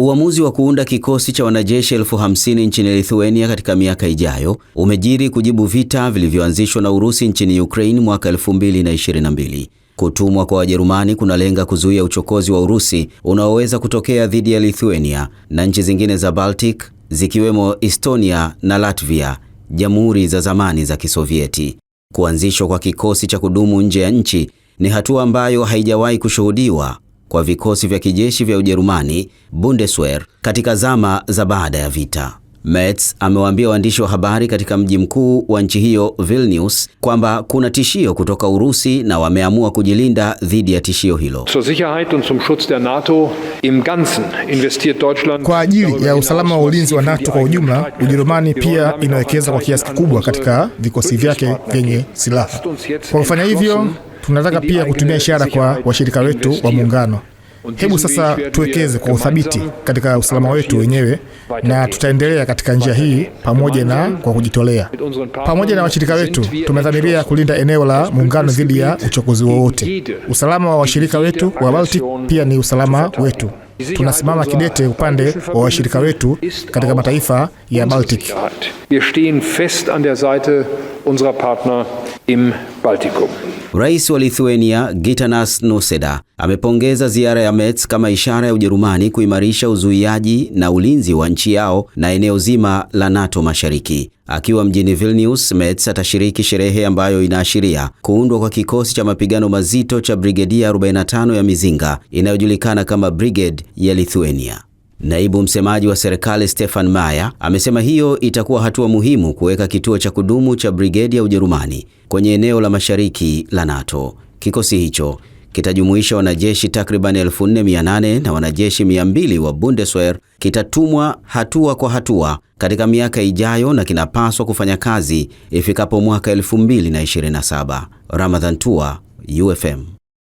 Uamuzi wa kuunda kikosi cha wanajeshi elfu hamsini nchini Lithuania katika miaka ijayo umejiri kujibu vita vilivyoanzishwa na Urusi nchini Ukraine mwaka 2022. Kutumwa kwa Wajerumani kunalenga kuzuia uchokozi wa Urusi unaoweza kutokea dhidi ya Lithuania na nchi zingine za Baltic zikiwemo Estonia na Latvia, jamhuri za zamani za Kisovieti. Kuanzishwa kwa kikosi cha kudumu nje ya nchi ni hatua ambayo haijawahi kushuhudiwa kwa vikosi vya kijeshi vya Ujerumani Bundeswehr katika zama za baada ya vita. Metz amewaambia waandishi wa habari katika mji mkuu wa nchi hiyo Vilnius kwamba kuna tishio kutoka Urusi na wameamua kujilinda dhidi ya tishio hilo. Zur Sicherheit und zum Schutz der NATO im Ganzen investiert Deutschland. Kwa ajili ya usalama wa ulinzi wa NATO kwa ujumla, Ujerumani pia inawekeza kwa kiasi kikubwa katika vikosi vyake vyenye silaha. Kwa kufanya hivyo Tunataka pia kutumia ishara kwa washirika wetu wa muungano. Hebu sasa tuwekeze kwa uthabiti katika usalama wetu wenyewe, na tutaendelea katika njia hii pamoja na kwa kujitolea. Pamoja na washirika wetu, tumedhamiria kulinda eneo la muungano dhidi ya uchokozi wowote. Usalama wa washirika wetu wa Baltic pia ni usalama wetu. Tunasimama kidete upande wa washirika wetu katika mataifa ya Baltic unserer Partner im Baltikum. Rais wa Lithuania Gitanas Nausėda amepongeza ziara ya Metz kama ishara ya Ujerumani kuimarisha uzuiaji na ulinzi wa nchi yao na eneo zima la NATO Mashariki. Akiwa mjini Vilnius, Metz atashiriki sherehe ambayo inaashiria kuundwa kwa kikosi cha mapigano mazito cha Brigedia 45 ya Mizinga inayojulikana kama Brigade ya Lithuania. Naibu msemaji wa serikali Stefan Meyer amesema hiyo itakuwa hatua muhimu kuweka kituo cha kudumu cha brigedi ya Ujerumani kwenye eneo la mashariki la NATO. Kikosi hicho kitajumuisha wanajeshi takriban 4800 na wanajeshi 200 wa Bundeswehr, kitatumwa hatua kwa hatua katika miaka ijayo na kinapaswa kufanya kazi ifikapo mwaka 2027. Ramadhan Tua, UFM.